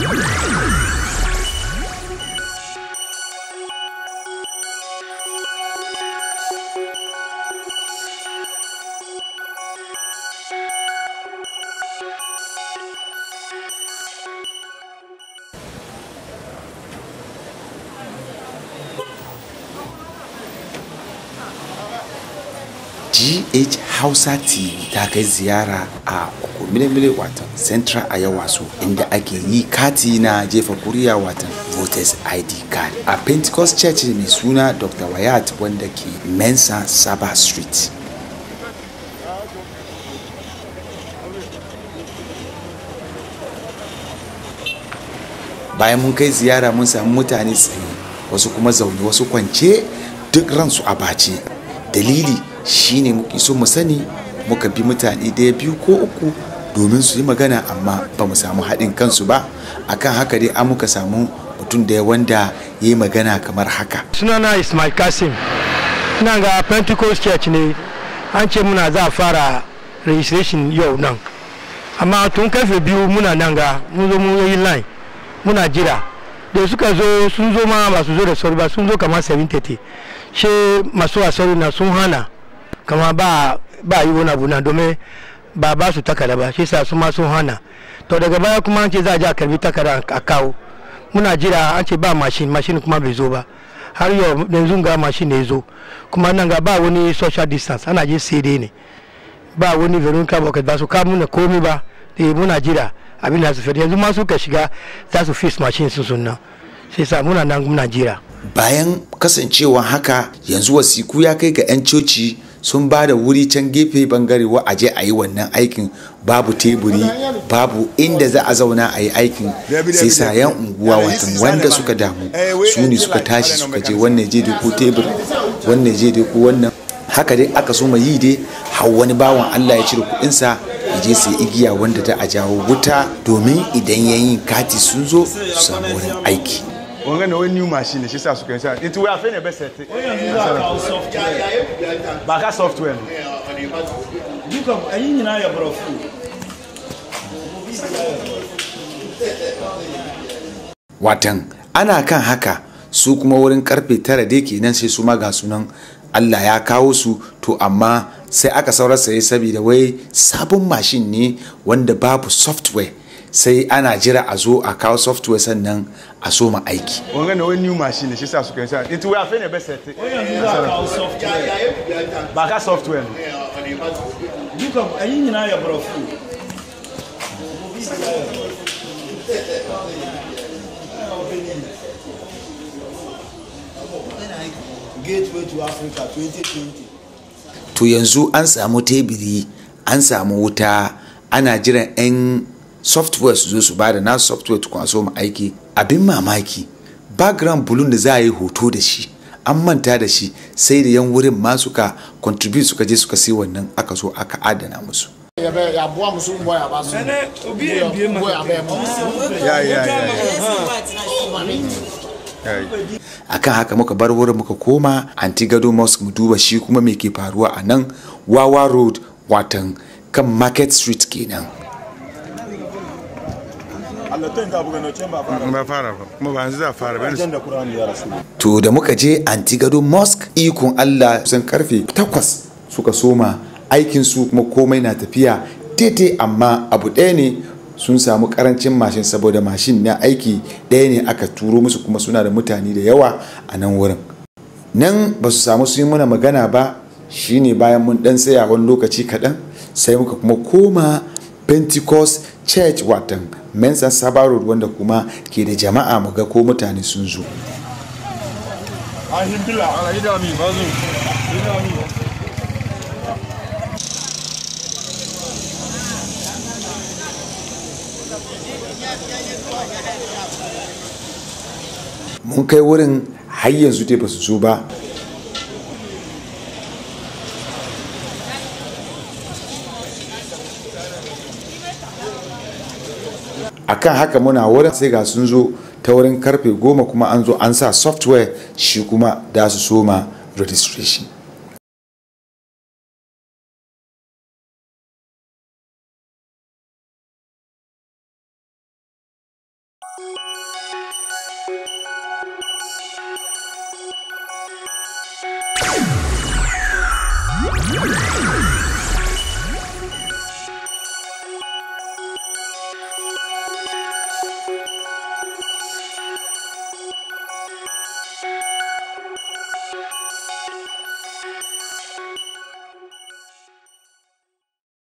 Yeah. gh hausa tv ta kai ziyara a mile-mile watan central ayawaso inda ake yi kati na jefa kuriya watan voters id card a pentecost church mai suna dr wayat wanda ke mensa saba street bayan mun kai ziyara mun samu mutane tsaye wasu kuma zaune wasu kwance duk ransu a bace dalili shine muke so mu sani muka bi mutane ya biyu ko uku domin su yi magana amma ba mu samu haɗin kansu ba akan haka dai an muka samu mutum da wanda ya yi magana kamar haka sunana ismail kasim ina ga pentecost church ne an ce muna za a fara registration yau nan amma tun karfe biyu muna nan ga mun zo mun yi line muna jira da suka zo sun zo ma ba zo da sauri ba sun zo kamar 7:30 she masu wasauri na sun hana kama ba ba yi wani abu na domin ba ba su takarda ba shi sa su ma sun hana to daga baya kuma an ce za a ji a karbi takarda a kawo muna jira an ce ba mashin mashin kuma bai zo ba har yau yanzu ga mashin ne zo kuma nan ga ba wani social distance ana je sai dai ne ba wani veronica bucket ba su ka muna komi ba eh muna jira abin da su fere yanzu ma ka shiga za su fix mashin su nan sai sa muna nan muna jira bayan kasancewa haka yanzu wasiku ya kai ga 'yan coci sun ba da wuri can gefe bangare wa aje a yi wannan aikin babu teburi babu inda za a zauna a yi aikin sai sayan unguwa watan wanda suka damu su ne suka tashi suka je wannan je ko tebur wannan je ko wannan haka dai aka so yi dai hau wani bawan Allah ya cire kuɗinsa ya je sai igiya wanda ta a jawo wuta domin idan yayin kati sun zo su samu wurin aiki wɔn na wɔn new machine ṣe sá sukuu ṣe nti wọ́n afẹ́ na ẹ bẹ sẹ́tì. wọ́n yàn nínú àká software. bàkà software nù. dukọ ẹyin nyinaa yẹ bọrọ fún. watan ana kan haka su kuma wurin karfe tara dai nan sai su ma ga sunan Allah ya kawo su to amma sai aka saurasa ya sabida wai sabon mashin ne wanda babu software sai ana jira a zo a kawo software sannan a so ma aiki. Wanga na wani new machine shi sa su kai sa. It will have been a best set. Ba ka software. Duka ayi nyina ya bura fu. to To yanzu an samu tebiri, an samu wuta, ana jiran 'yan software su zo su bada na software tukun a so mu aiki abin mamaki background bulun da za a yi hoto da shi an manta da shi sai da yan wurin ma suka contribute suka je suka sai wannan aka so aka adana musu akan haka muka bar wurin muka koma antigado mosque mu duba shi kuma me ke faruwa a nan wawa road watan kan market street kenan to da muka je antigado mosque ikon Allah sun karfe 8 suka soma aikin su kuma komai na tafiya daidai amma abu ɗaya ne sun samu karancin mashin saboda mashin na aiki ɗaya ne aka turo musu kuma suna da mutane da yawa a nan wurin nan ba su samu su yi muna magana ba shine bayan mun ɗan tsaya wani lokaci kaɗan sai muka kuma koma pentecost church watan mensa saba road wanda kuma ke da jama'a mu ga ko mutane sun zo mun kai wurin har yanzu dai ba su zo ba akan haka muna wurin sai ga sun zo ta wurin karfe goma kuma an zo an sa software shi kuma da su soma registration